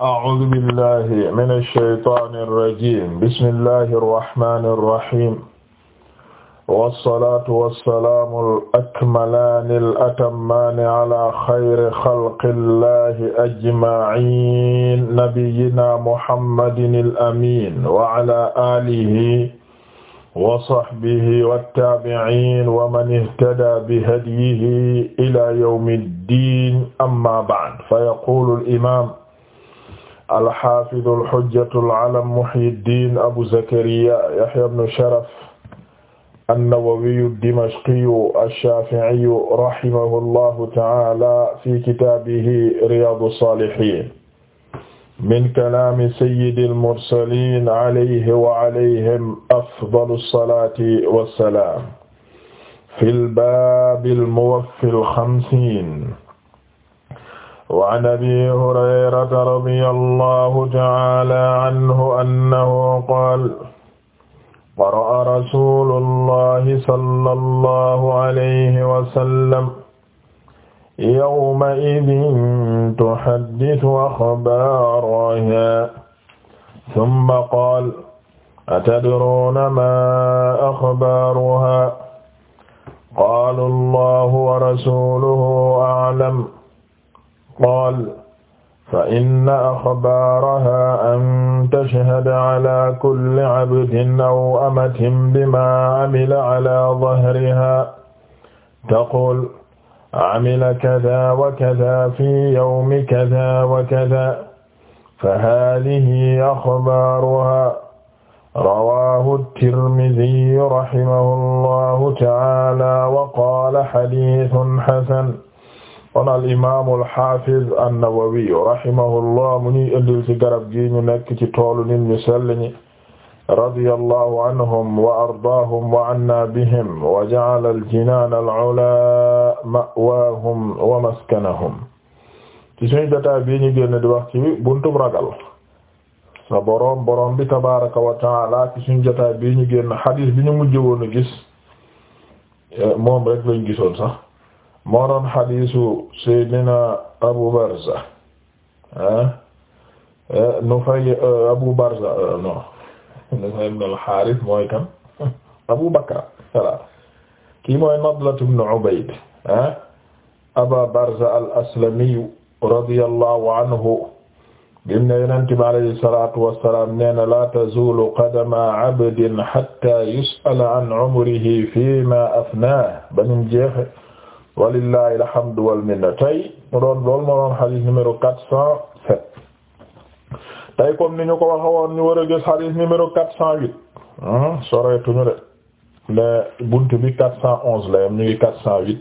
أعوذ بالله من الشيطان الرجيم بسم الله الرحمن الرحيم والصلاة والسلام الأكملان الأتمان على خير خلق الله أجمعين نبينا محمد الأمين وعلى آله وصحبه والتابعين ومن اهتدى بهديه إلى يوم الدين أما بعد فيقول الإمام alxafidu alxujjatu alalam muhyiddin abu zakariya yahya bnu sharaf annawawiyu dimashqiyu alshafiiyu rahimahu llahu taala fi kitaabihi riyadu saalihiin min kalaami sayyidi almursalin alayhi wa alayhim afdalu salaati wassalaam fi lbaabi almuwaffi alxamsiin wa an abi hurayrata radiyallahu ta'ala anhu annahu qaala qara'a rasuulullahi sallallahu alayhi wa sallam yawma'idhin tuhaddithu akhbaarahaa thumma qaala atadruuna maa akhbaaruhaa qaaluu allahu wa rasuluhu a'lam qaal fa inna axbaaraha an tashhada ala kulli abdin aw amatin bima amila ala dahriha taqul amila kada wa kada fi yawmi kada wa kada fa haadihi axbaaruha rawaahu tirmidiyu rahimahu allahu ta'aala wa qaala xadiisun xasan kon al imaamu al xaafiz mu ñuy indil ci garab gi ñu nekk ci toolu nit ñu sell ñi radiyallahu anhum wa ardaahum wa anna bihim wa ja'ala al-jinaan al-ulaa ma'waahum wa maskanahum ci suñu jotaay bii ñu génn di wax ci buntu ragal sa boroom boroom bi tabaaraka wa ta'aala ci suñu jotaay bii ñu génn xadiis bi ñu mujj woon a gis moom rek lañ gisoon sax moo doon xadiisu Seydina Abu Barza ah, eh, Nufay eh, Abu Barza eh, non Nufay ibn al-Harith mooy kan Abu Bakra voilà kii mooy Nadlat ibn Ubayd ah, Aba Barza al-Aslami radiyallahu anhu bim ne Yonent bi alayhi salaatu wa salaam nee na laa tazuulu qadama abdin hattaa yus'ala an umrihi fiimaa afnaahu ba mu jeexe walillahi alhamdu wal minna tey mu doon loolu moo doon xadis numéro quatre cent sept tey comme ni ñu ko waxa woon ñu gis xadis numéro quatre cent huit soreetuñu de ne bunt bi quatre cent onze la yam ñu quatre cent huit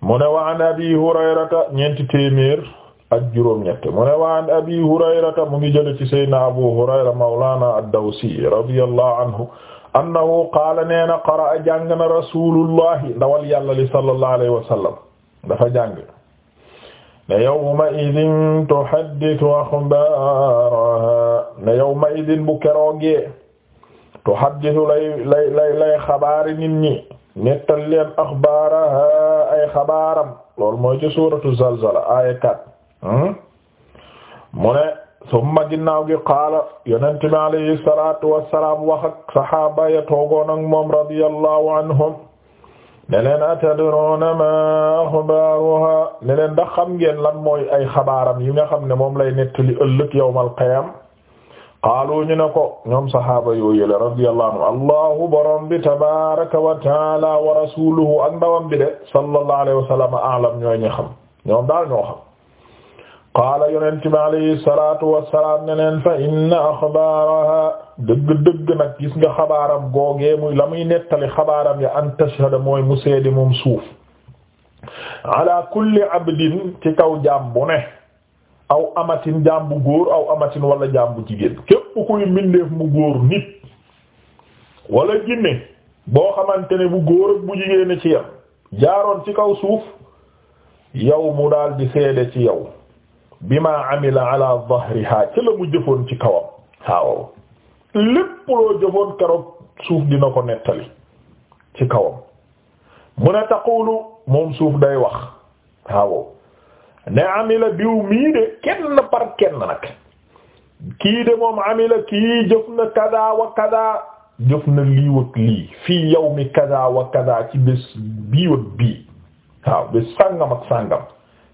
mu ne wa an abi hurayrata ñeenti téeméer ak juróom mu ne wa an abi hurayrata mu ngi jële ci sayyidina abu hurayra mawlana ad-dawsi radiyallahu anhu annahu qaala nee na qara'a jàng na ndawal yàlla li sallallahu alayhi wa sallam dafa jàng ne yawma idin tuhaddithu akhbaaraha ne yawma idin bu keroogee tuhaddithu lay lay lay lay xabaari nit leen akhbaaraha ay xabaaram loolu mooy ci suuratu zalzala aaya 4 summa ginnaaw gi qaala yonent bi alayhi salaatu wassalaam wax ak saxaaba ya toogoon moom radiyallahu anhum ne leen atadruuna maa axbaaruhaa ne leen ndax xam ngeen lan mooy ay xabaaram yi nga xam ne moom lay nettali ëllëg yawmal qiyaam qaalu ñu ko ñoom saxaaba yooyu la radiyallahu anhum allahu borom bi tabaaraka wa taala wa ndawam bi de sallallahu alayhi wa sallam a'lam ñooy ñi ñoom daal ñoo qaala yonent bi alayhi salaatu wassalaam ne leen fa inna axbaaraha dëgg-dëgg nag gis nga xabaaram googee muy la muy nettali xabaaram ya an tashhada mooy mu seede moom suuf ala kulli abdin ci kaw jaam bu ne aw amatin jaam bu góor aw amatin wala jaam bu jigéen képp kuy mbindeef mu góor nit wala jinne boo xamante ne bu góor bu jigéen ci yam jaaroon ci kaw suuf yow mu daal di seede ci yow bima amila ala dhahriha ci la mu jëfoon ci kawam waaw lépp loo jëfoon keroog suuf dina ko nettali ci kawam mu ne taqulu moom suuf day wax waaw ne amila diw mii de kenn par kenn nag kii de moom amila kii jëf na kada wa kada jëf na lii ak lii fii yawmi kada wa kada ci bés bii ak bii waaw bés sàngam ak sàngam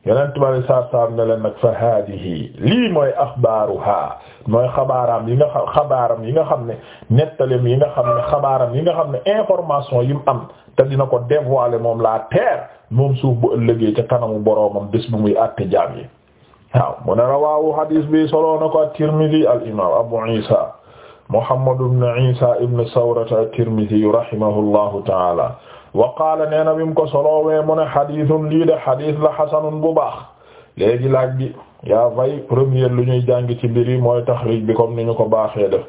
yeneen tubaab yi saa saa ne fa haadihi lii mooy axbaaruha mooy xabaaram yi nga xam xabaaram yi nga xam ne nettalim yi nga xam ne xabaaram yi nga xam ne information yi mu am te dina ko dévoiler moom laa terre moom suuf bu ëllëgee ca kanamu boroomam bés bu muy àtte yi. waaw mu ne rawaahu hadis bi solo na ko at-Tirmidhi al-imaam Abu Isa Muhammad ibn Isa ibn Sawrata at-Tirmidhi rahimahullahu ta'ala. wa qaala nee na bi mu ko solo soloowee mu ne xadiisun lii de xadiis la xasanun bu baax léegi laaj bi yaa vay premier lu ñuy jàng ci mbir yi mooy taxriij bi comme ni ñu ko baaxee def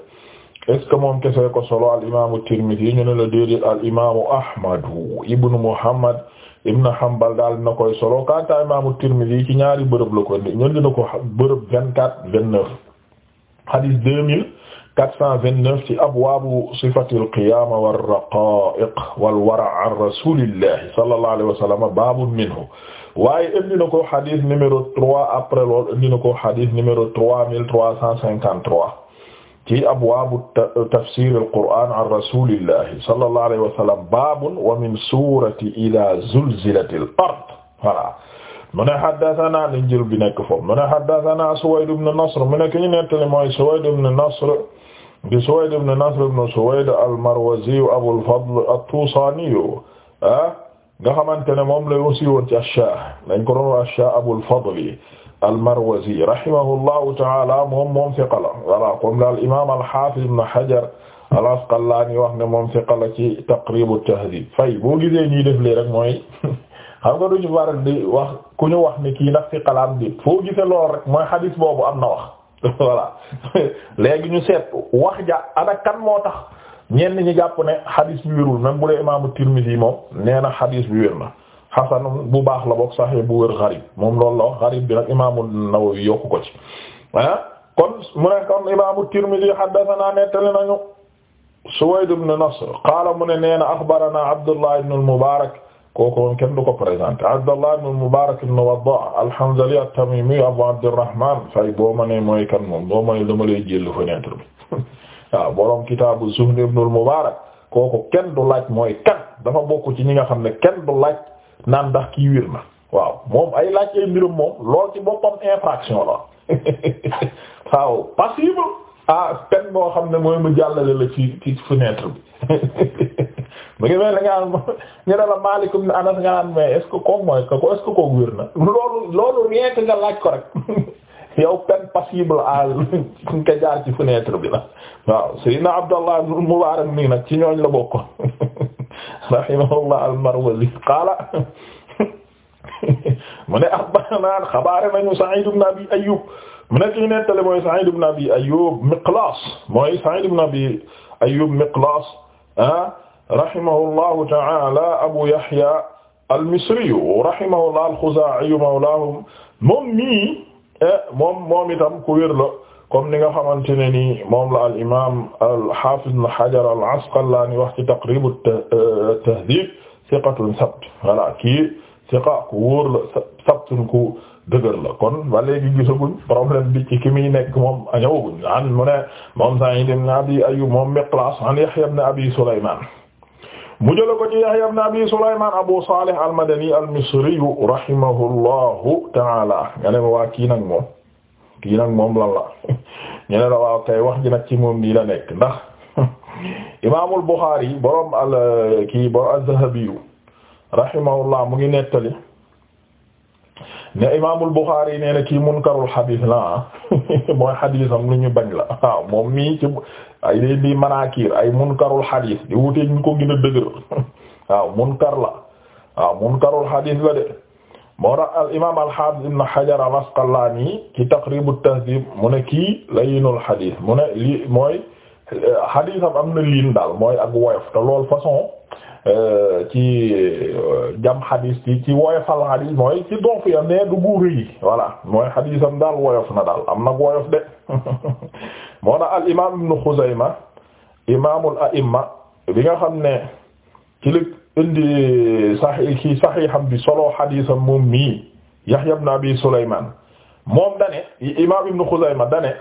est moom kese ko solo al imaamu Tirmidhi ñu ne la déedéet al imaamu Ahmadu ibnu Muhammad ibnu Hanbal daal na koy solo kanta imaamu Tirmidhi ci ñaari bërëb la ko indi ñu ne ko bërëb vingt quatre vingt neuf xadiis deux 429 ci abwaabu sifatil qiyaama war-raqaa'iq wal-wara' an rasuulillaahi sallallaahu alayhi wa sallam baabun minhu waaye indi na ko xadis numéro 3 après lool indi na ko xadis numéro 3353 ci abwaabu tafsiiril qur'aan an rasuulillaahi sallallaahu alayhi wa sallam baabun wa min suurati izaa zulzilatil ard voilà mu ne haddathana ni njël bi nekk foofu mu ne haddathana Suwayd ibn Nasr mu ne ki ñu nettali mooy Suwayd ibn Nasr di Suwayd ibn Nasr ibn Suwayd al-Marwazi Abul Fadl at-Tusani ah nga xamante ne moom la aussi woon ci ash-Shah dañ ko doon ash-Shah Abul Fadl al-Marwazi rahimahullahu ta'ala moom moom thiqa la voilà comme l'imam al-Hafiz Ibn Hajar al-Asqalani wax ne moom thiqa la ci Taqrib at-Tahdhib fay boo gisee ñuy def lii rek mooy xam nga duñu war di wax ku ñu wax ni kii ndax fi xalaam bi foo gisee lool rek mooy xadis boobu am na wax voilà léegi ñu seet wax ja ana kan moo tax ñenn ñi jàpp ne xadis bi wérul même bu dee imaamu Tirmidhi moom nee na xadis bi wér na xasan bu baax la bokk saxee bu wér gharib moom loolu la wax gharib bi nag imaamu Nawawi yokku ko ci ah kon mu ne kon imaamu Tirmidhi haddathana nettali nañu Suwayd ibn Nasr qaala mu ne nee na axbarana Abdullah ibn al-Mubarak kooku woon kenn du ko présenté Abdallah ibn Mubarak ibn Waddah al-Hanzali Abu Abdurrahman fay boo ma mooy kan moom boo ma nee dama lay jël fenêtre bi waaw borom kitaabu Zuhd ibn al kooku kenn du laaj mooy kan dafa bokk ci ñi nga xam ne kenn du laaj naan kii wir waaw moom ay laaj ay mbirum moom lool ci boppam infraction la passible ah kenn moo xam ne mooy mu jàllale la ci ci bi mu ngi mel ne nga ñu ne la Maalik ibn Anas nga naan mais est mooy ko est-ce que loolu loolu rien que nga laaj ko rek yow peine jaar ci fenêtre bi la waaw Abdallah ibn Mubaarak nii nag ci ñooñ la bokk rahimahullah al-Marwazi qaala mu ne axbaranaa xabaare nañu Sa'iid ibn Abi ñu nettale mooy Sa'id ibn Abi mooy Sa'id ibn Abi Ayyub Miqlas ah rahimahullahu ta'ala Abu Yahya al-Misri rahimahullah al-Khuzaa'i mawlaahum moom mii eh, moom moom itam ku wér comme ni nga xamante ne nii moom la al-imaam al-Haafiz Ibn Hajar al-Asqalaani wax ci Taqrib at-Tahdhib thiqatun sabt voilà kii thiqa ku wóor la sabtun ku dëgër kon ba léegi gisaguñ problème bi ci ki muy nekk moom ñëwaguñ an mu ne moom Sa'iid ibn Abi Ayyuub moom Miqlaas an Yahya Abi Sulaymaan mu jëla ko ci Yahya ibn Abi Sulaymaan Abu Saalih al-Madani al-Misri ta'ala nga ne ma waa kii nag moom kii nag moom lan la ñu ne la waaw kay wax ji nag ci moom nii la nekk ndax Imaamul Buxaari borom al kii borom az-Zahabi rahimahullah mu ngi nettali ne imaamul Buxaari nee na kii munkarul xadiis la ah. mooy xadiisam lu ñu bañ la waaw moom mii ci ay day di manaakiir ay munkarul xadiis di wuteeg ñu ko gën a dëgër waaw munkar la waaw munkarul xadiis la de moo tax al imaam al xaafis ibn Hajar al Asqalaani ci Taqriibu Tahziib mu ne kii layyinul xadiis mu ne lii mooy eh, xadiisam am na liin daal mooy ak woyof te lool façon. Euh, ci euh, jam xadis ci ci mooy ci dof ya mais du bu rëy mooy xadisam daal woyof na daal am na woyof de moo tax al imaam ibnu Xuzayma imaamul a'imma bi nga xam ne ci li ibnu Abi moom dane imaam ibnu Xuzayma dane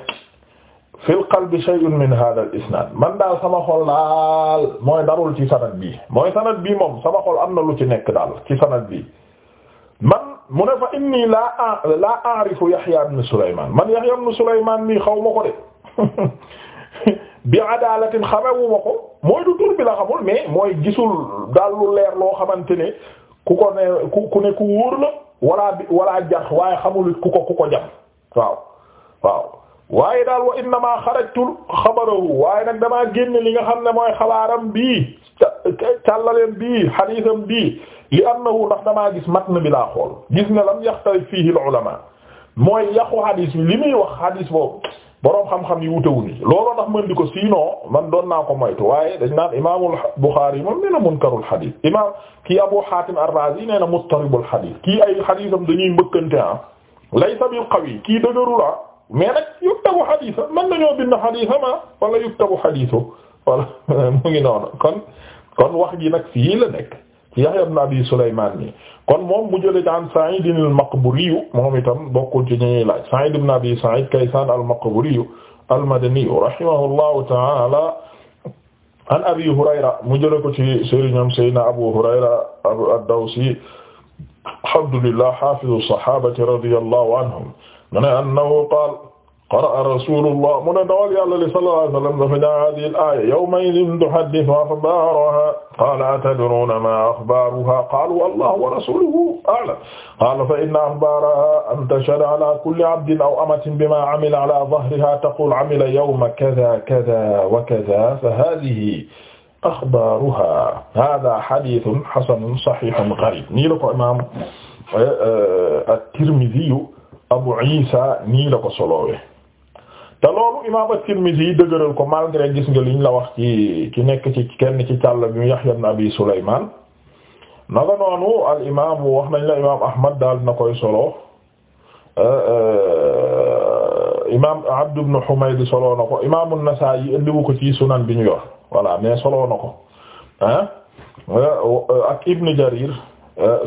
fil qalbi shay'un min hadha al isnad man daal sama xol daal mooy darul ci sanad bi mooy sanad bi moom sama xol am na lu ci nekk daal ci sanad bi man mu ne fa inni laa laa a'rifu Yahya ibn Sulayman man Yahya ibn Sulayman nii xaw ma ko de bi adalatin xamewuma ko mooy du tur bi la xamul mais mooy gisul daal lu leer loo xamante ne ku ko ne ku ku ne ku wóor la wala bi wala jax waaye xamul ku ko ku ko jam waaw waaw waaye daal wa innama xarajtu xabarahu waaye nag damaa génne li nga xam ne mooy xabaaram bii càllaleen bii xadiisam bii li annahu ndax damaa gis matn bi laa xool gis ne lam yaxtalif fiihi al-ulamaa mooy yàqu xadiis bi li muy wax xadiis boobu boroom xam-xam yi wutewuñ yi looloo tax mën di ko sinon man doon naa ko moytu waaye dañ naan imaamul Buxaari yi moom nee na munkarul xadiis imaam kii Abu Xaatim ar-Raazi nee na mustaribul xadiis kii ay xadiisam dañuy mbëkkante ah laysa bil qawi kii dëgëru la ah. mais nag yuktabu xadiisa mën nañoo bind xadiisa ma wala yuktabu xadiisu wala mu ngi noonu kon kon wax ji nag fii la nekk ci Yahya ibn Abi Sulaymaan nii kon moom mu jële daan Sa'iid al-Maqburi moom itam bokkul ci ñuy laaj Sa'iid ibn Abi Sa'iid Kaysaan al-Maqburi al-Madani rahimahullahu ta'ala an Abi Hurayra mu jële ko ci sëriñam Sayyidina Abu Hurayra ad-Dawsi alhamdulillah hafizu sahabati radiyallahu anhum mu ne annahu qaal qara'a rasulullah mu ne dawal yàlla li sallallahu alayhi wa sallam dafa jàng hadihi al aya yawmaidin tuhaddithu axbaaraha qaala atadruuna ma axbaaruha qaalu allahu wa rasuluhu a'lam qaala fa inna axbaaraha an tashhada ala kulli abdin aw amatin bima amila ala dahriha taqul amila yawma kada kada wa kada fa hadihi axbaaruha hada xadiisun xasanun saxiixun gariib nii la ko imaam eh, eh, at-Tirmidhi Abu Isa nii la ko soloowe te loolu imaam at-Tirmidhi yi dëgëral ko malgré gis nga liñ la wax ci ci nekk ci kenn ci càll bi Yahya ibn Abi Sulaymaan naka noonu al imaam wax nañ la imaam Ahmad daal na koy solo imaam Abd ibn Humayd solo na ko imaam an-Nasaa'i indiwu ko ci sunan bi ñu yor voilà mais solo na ko ah ak Ibn Jarir.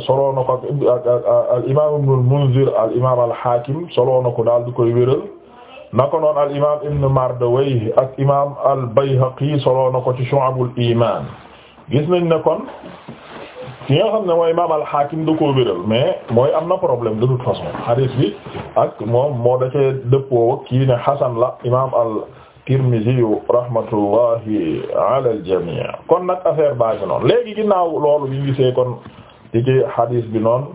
solo na ko ak al imaam ibn al Munzir al imaam al Hakim solo na ko daal di koy wéral naka noonu al imaam ibn Mardawayh ak imaam al Bayhaqi solo na ko ci Shu'abul Iman gis nañ ne kon ki nga xam ne mooy imaam al Hakim da koo wéral mais mooy am na problème de toute façon hadith bi ak moom moo dacee dëppoo ak kii ne Hasan la imaam al Tirmizi rahmatullahi ala al jami' kon nag affaire baa ngi noonu léegi ginnaaw loolu ñu gisee kon. ci ci hadis bi noonu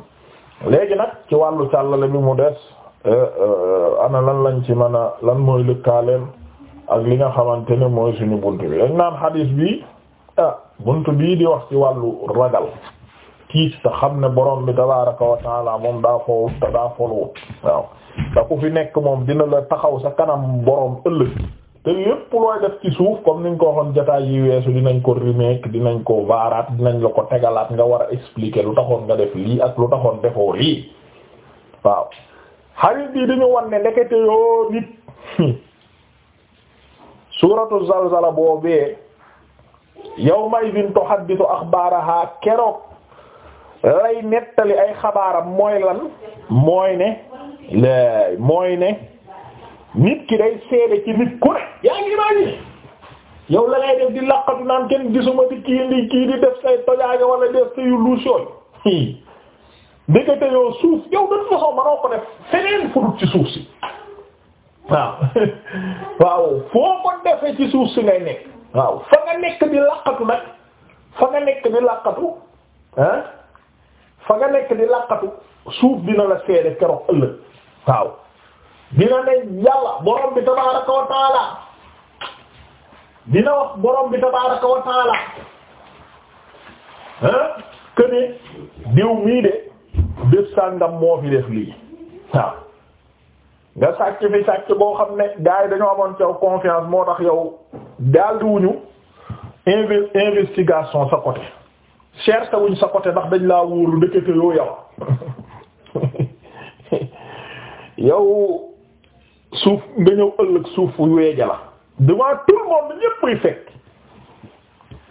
léegi nag ci wàllu càllale bi mu des euh, euh, ana lan lañ ci mën a lan mooy lëkkaaleen ak li nga xamante ne mooy suñu bunt bi dañ naan hadis bi ah bunt bii di wax ci wàllu ragal kiis te xam ne boroom bi tabaraka wa taala moom daa foowut te daa folwut waaw te ku fi nekk moom dina la taxaw sa kanam boroom ëllëg te lépp looy def ci suuf comme niñ ko waxoon jotaay yi weesu dinañ ko remake dinañ ko baaraat dinañ la ko tegalaat nga war a expliquer lu taxoon nga def lii ak lu taxoon defoo lii waaw xarit bi dañu wan ne ndekete yoo nit suuratu zalzala boobee yawma idin tuhaddisu axbaaraha keroog lay nettali ay xabaaram mooy lan mooy ne mooy ne nit ki day seede ci nit ku ne yaa ngi imaginer yow la ngay def di laqatu naan kenn gisuma di kii di kii di def say tojaange wala def sa yu luus yooyu ndekete yoo suuf yow dañu façon manoo ko def feneen fu dul ci suuf si waaw foo ko defee ci suuf si ngay nekk waaw fa nga nekk di laqatu nag fa nga nekk di laqatu ah fa nga nekk di laqatu suuf dina la seede keroog ëllëg waaw dina ne yàlla borom bi tabaaraka wa taala dina wax borom bi tabaaraka wa taala hein que diw mii de bés sàngam moo fi def lii nga sàcc fi sàcc boo xam ne gars dañoo amoon caw confiance moo tax yow daal di wuñu sa côté cherche wuñ sa côté ndax dañ laa wóolu ndekete yoo yow yow suuf nga ñëw ëllëg suuf weeja la devant tout le monde ñépp ay fekk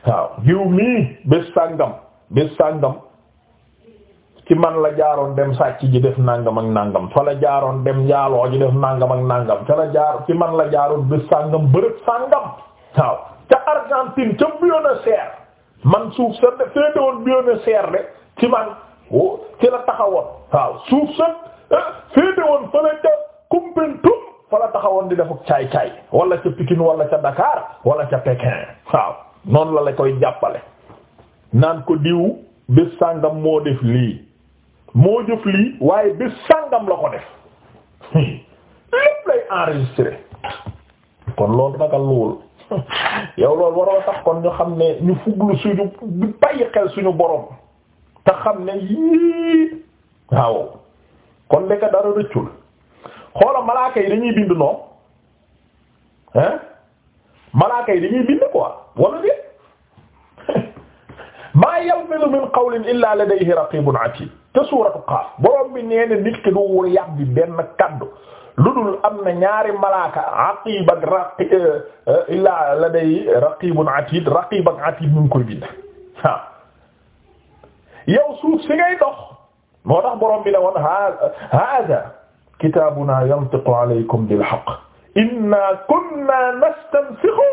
waaw jiw mii bés sàngam bés sàngam ci man la jaaroon dem sàcc ji def nàngam ak nàngam fa la jaaroon dem njaaloo ji def nàngam ak nàngam fa man la jaaroon bés sàngam bërëb sàngam waaw ca Argentine ca Buenos Aires man suuf sa de féete woon Buenos Aires de ci man ci la taxawoon waaw suuf sa ah, féete woon fa la ca fa la taxawoon di def caay caay wala ca Pikine wala ca Dakar wala ca Pékin waaw noonu la la koy jàppale naan ko diw bés sàngam moo def lii moo jëf lii waaye bés sàngam la ko def lépp lay enregistré kon loolu naka lool yow loolu waroo tax kon ñu xam ne ñu fuglu suñu di bàyyi xel suñu borom te xam ne yii waaw kon deka dara rëccul xoola malaaka yi dañuy bind noonu hein malaaka yi dañuy bind quoi wala déet maa yalfidu min qawlin illa ladayhi raqibun atid te suuratu qaaf borom bi nee na nit ki du wóor yàbbi benn kaddu lu dul am na ñaari malaaka aqib ak raqib euh, euh, illa ladayhi raqibun atid raqib ak atid ñu ngi koy bind waaw yow suuf si ngay dox moo tax borom bi ne woon hada kitaabuna yantiqu alaykum bil haqq inna kunna nastansikhu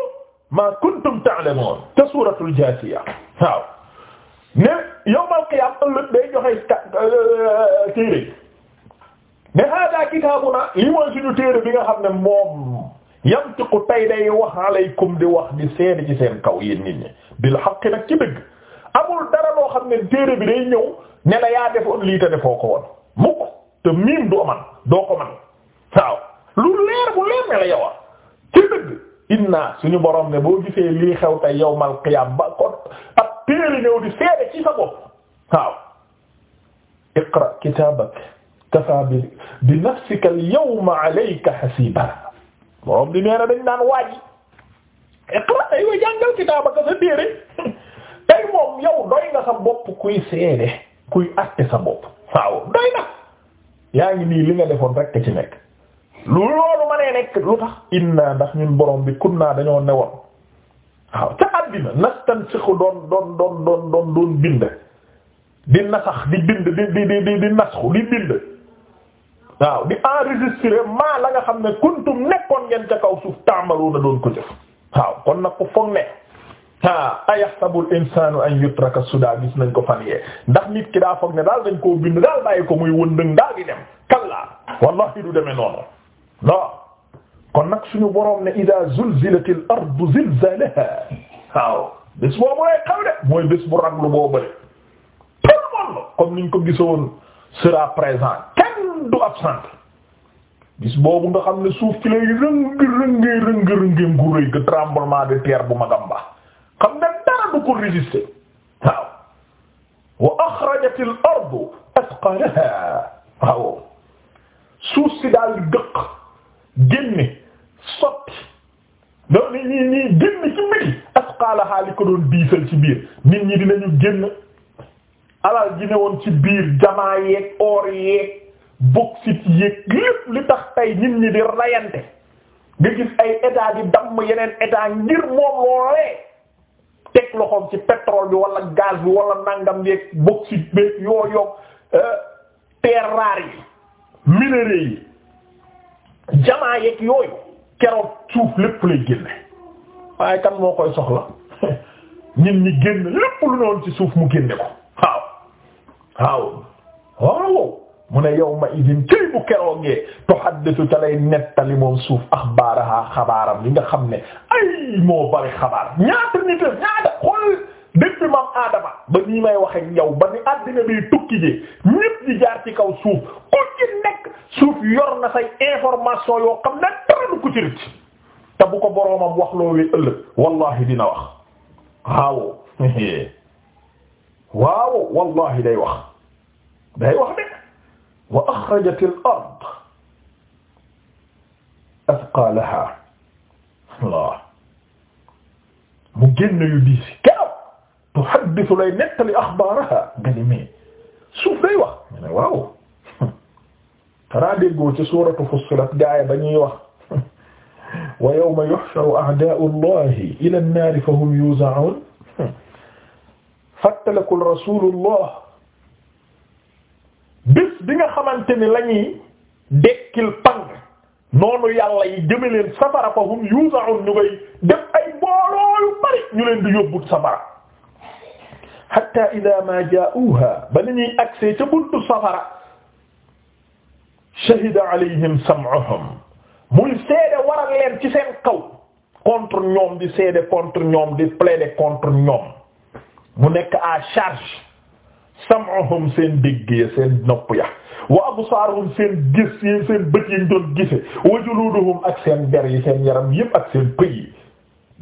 ma kuntum ta'lamun te suuratul jaasiya waaw ne yawmal qiyaama day joxe euh, téere ne haadaa kitaabuna li mooy suñu téere bi nga xam ne moom yantiqu tay day wax alaykum di wax di seeni ci seen kaw yéen nit ñi bil haqq nag ci dëgg amul dara loo xam ne téere bi day ñëw ne la yaa defoon lii te defoo ko woon mukk te miim doo man doo lu leer bu leer ne la yow ah. dëgg inna suñu borom ne boo gisee lii xew tey yawmal qiyaam ba kon ab téere di seede ci sa bopp waaw iqra kitaabak kafaa bi bi nafsika al yawma alayka hasiiba borom di nee na dañ naan waaji iqra ay wa jàngal kitaabaka sa téere tey moom yow kuy seede kuy àtte sa bopp waaw yaa ngi nii li nga defoon rek ci nekk lu loolu ma nee nekk lu tax inna ndax ñun borom bi kunnaa dañoo newoon waaw ca àddina nastansikhu doon doon doon doon doon doon bind di nasax di bind di di di di nasxu di bind waaw di enregistré maa la nga xam ne kuntum nekkoon ngeen ca kaw suuf taamalu na doon ko jëf waaw kon nag ku foog ne ah ayaxsabul insaanu an yutraka suda gis nañ ko fan yee ndax nit ki daa foog ne daal dañ koo bind daal bàyyi ko muy wëndëng daal di dem kallaa wallahi du demee noonu non kon nag suñu borom ne ida zulzilatil ardu zilzalaha waaw bés boobu lay xaw de mooy bés bu raglu boo bëri tout le monde comme niñ ko gisoon sera présent kenn du absent bis boobu nga xam ne suuf ci lay rëng rëng rëng rëng ngu rëy que tremblement de terre bu magamba xam nga dara du ko résister waaw wa axrajat al ardu asqalaha waaw suuf si daal dëq génne sotti donc nit ñi ñii génn ci mbiri li ko doon diisal ci biir nit ñi dinañu génn alal ji ne woon ci biir jamaa yeeg or yeeg bauxite yeeg li tax tey nit ñi di rayante nga ay état di damm yeneen état ngir moom loolee teg loxoom ci pétrole bi wala gaz bi wala nangam yeeg bauxite beeg yoo yokk euh, terres rares yi minerais yi jamaa yeeg yooyu keroog suuf lépp lay génne waaye kan moo koy soxla ñun ñi génn lépp lu noonu ci suuf mu génne ko waaw waaw waaw mu ne yawma idin këy bu keroogee tuhaddisu ca lay nettali moom suuf axbaaraha xabaaram li nga xam ne ay moo bari xabaar ñaata nit ñaata xool depuis maam Adama ba nii may wax ak yow ba ni àddina bi tukki ji ñépp jaar ci kaw suuf ku ci nekk suuf yor say information yoo xam ne dara du ko ci rëcc te bu ko boroomam wax loolu ëllëg wallahi dina wax waaw waaw wallahi day wax day wax de wa axrajatil ard asqaalaha Allah mu génn yu diis keroog tuhaddisu lay nettali axbaaraha galimee suuf lay wax mu ne waaw xanaa déggoo ci suuratu Fussilat gaay ba ñuy wax wa yawma yuhsharu a'daa'u llahi ila nnaari fa hum yuuza'uun fattalakul rasuulullah bis bi nga xamante ni la ñuy dekkil pang noonu yàlla yi safara fa hum yuusa'un ñu koy def ay booloo yu bari ñu leen di yóbbu safara hatta ida ma jaa'uha ba ni ñuy agsee ca buntu safara shahida alayhim sam'uhum muy seede waral leen ci seen kaw contre ñoom di seede contre ñoom di plaider contre ñoom mu nekk à charge sam'uhum seen dégg ya seen nopp ya wa absaaruhum seen gis yi seen bët yi ñu doon gise wa juluduhum ak seen der yi seen yaram yépp ak seen pëy yi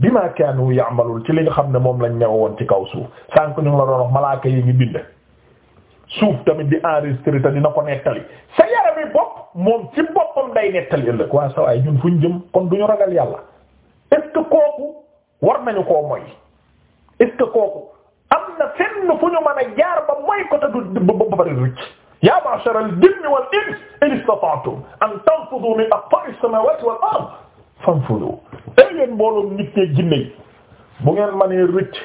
bima kaanu ya'malul ci li nga xam ne moom lañ woon ci kaw suuf sànq ñu ngi la doon wax malaaka yi ngi bind suuf tamit di enregistré dina ko nettali sa yarami bopp moom ci boppam day nettali ëllëg waa sa ay ñun fu ñu jëm kon du ñu ragal yàlla est ce kooku war nañu koo moy est kooku am na fenn fu ñu mën a jaar ba mooy ko te du ba bari rëcc ya ma'shar al-jinni wal insi in istata'tum an tanfudu min aqta'i as-samawati wal ard fanfudu ay leen mbooloom nit ñi jinne yi bu ngeen mënee rëcc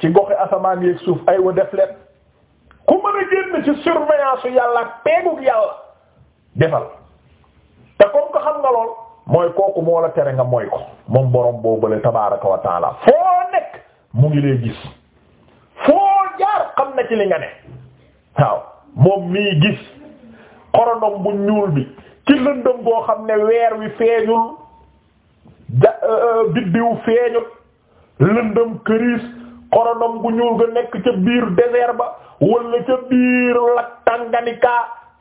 ci goxi asamaan yeeg suuf ay wa def leen ku mën a génn ci surveillance yàlla ak peegug yàlla defal te comme ko xam nga lool mooy kooku moo la tere nga mooy ko moom borom boobule tabaaraka wa taala foo nekk mu ngi lay gis foo jaar xam na ci li nga ne waaw moom mii gis xorondom bu ñuul bi ci lëndëm boo xam ne weer wi feeñul ja euh, euh, biddiw feeñul lëndëm këriis xorondom bu ñuul ga nekk ca biir désert ba wala ca biir lac Tanganyika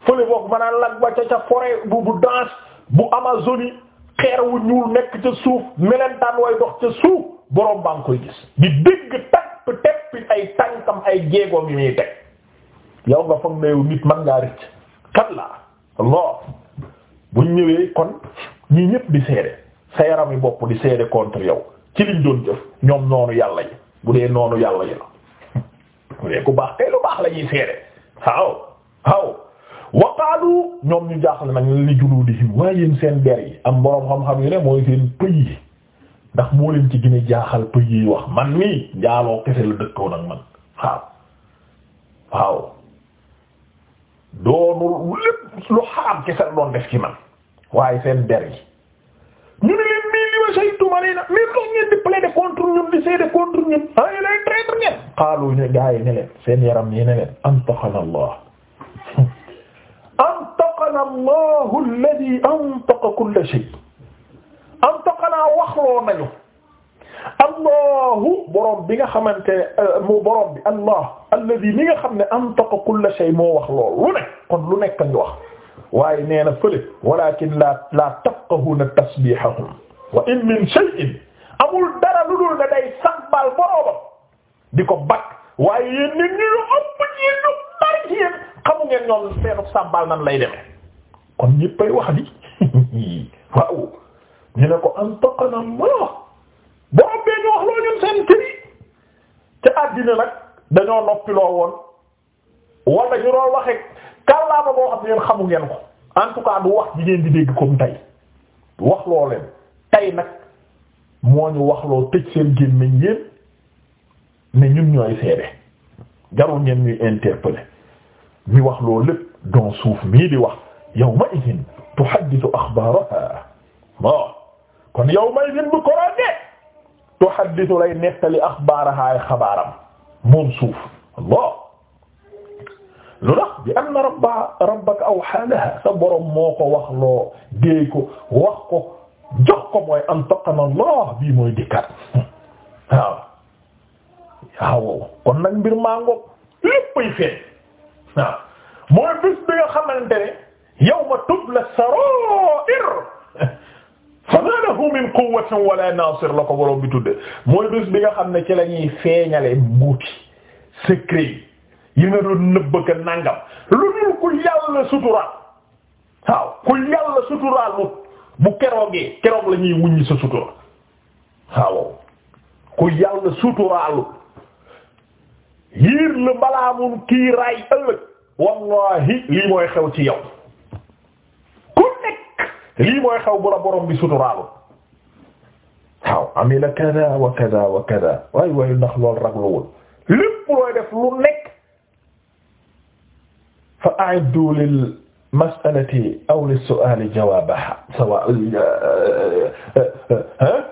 fële boog maanaam lac ba ca ca forêt bu bu dense bu Amazonie xeer wu ñuul nekk ca suuf melentaan way dox ca suuf boroom baa ngi koy gis di dégg tepp teppi ay tànkam ay jéegoom yi muy teg yow nga foog ne yow nit mën ngaa rëcc kat la loo buñ ñëwee kon ñii ñëpp di seede sa yaram yi bopp di seede contre yow ci liñ doon jëf ñoom noonu yàlla yi bu dee noonu yàlla yi la bu ku baax tey lu baax la ñuy seede waaw waaw ñoom ñu jaaxle nag li juludihim waaye yéen seen der yi am boroom xam-xam yu ne mooy seen pëy ndax moo leen ci gën jaaxal pëj yi wax man mii jaaloo kese la dëkkoon ak man waaw waaw doonul lu xaram kese la doon def ci man waaye seen der ñu ne mii li ma say tumani na mais dox ngeen di plaider contre ñun di seede contre ñun ah ay lay traître ngeen xaalu ñu gaa yi seen yaram yi ne leen antaqana allah antaqana allah alladhi antaqa kull shay am toqanaa waxloo nañu allahu borom bi nga xamante ne euh, mu borom bi allah alladi mi nga xam ne antaqa kulla shay moo wax lool lu ne kon lu nekk ñu wax waaye nee na fële walakin la la tafqahuna tasbihahum wa in min shay'in amul dara lu dul ne day sabbal boroomam di ko bakk waaye yéen nit ñi ñu ëpp ñi ñu bari ci yéen xamu ngeen ñoom seenu sabbal nan lay demee kon ñéppay wax di waaw ñu ne ko antaqana Allah borom bee ñu wax loo ñun seen kër yi àddina nag dañoo noppiloo woon wala ñu doon waxe kàllaama boo xam ne xamu ngeen ko en tout cas du wax ji di dégg comme tey wax loo leen tey nag moo ñu wax loo tëj seen gémmiñ yéen ne ñun ñooy seede jarul ngeen ñuy interpeller mi wax loo lépp don suuf mii di wax yawma idin tuhaddisu axbaaraha kon yow may lim bu koraan de tuhaddisu lay nettali axbaaraha xabaaram moom suuf Allah lu tax bi anna rabba rabbaka awhaa laha sa borom moo ko wax loo dee ko wax ko jox ko mooy antaqana Allah bii mooy dikkat waaw waaw kon nag mbir maa ngoog léppay feeñ waaw mooy bis bi nga xamante ne yawma tubla saraa'ir fama lahu min quwwatin wala nasir la ko borom bi tudde mooy bés bi nga xam ne ci la ñuy feeñale mbuuti secret yi nga doon nëbb ak nangam lu dul ku yàlla suturaal waaw ku yàlla suturaalu yiir la balaa mun kii raay ëllëg wallahi lii mooy xew ci yow lii mooy xaw bu la borom bi suturaalu waaw amila kada wa kada wa kada waay waay ndax loolu ragluwul lépp looy def lu nekk fa a'iddu lil mas'alati aw lis su'ali jawaabaha sawa eh, eh, eh,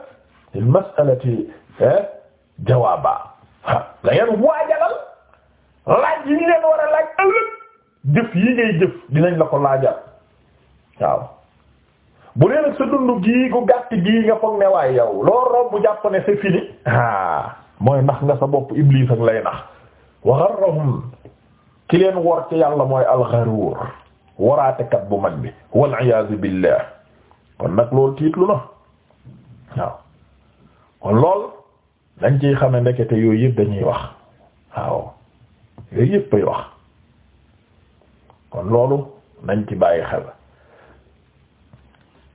lil mas'alati jawaaba da ngeen waajalal laaj yi ngeen war a laaj ëllëg jëf yi ngay jëf dinañ la ko laajal waaw bu dee nag sa dund gii gu gàtt gii nga foog ne waay yow loo romb jàpp ne fini ah, mooy ndax nga sa bopp Iblis ak lay nax wa gharrahum ki leen wor ci yàlla mooy al-gharuur waraatekat bu mag bi wal iyaazu billah kon nag loolu tiitlu na waaw kon yooyu yëpp dañuy wax waaw yooyu yëpp ay loolu nañ ci bàyyi xel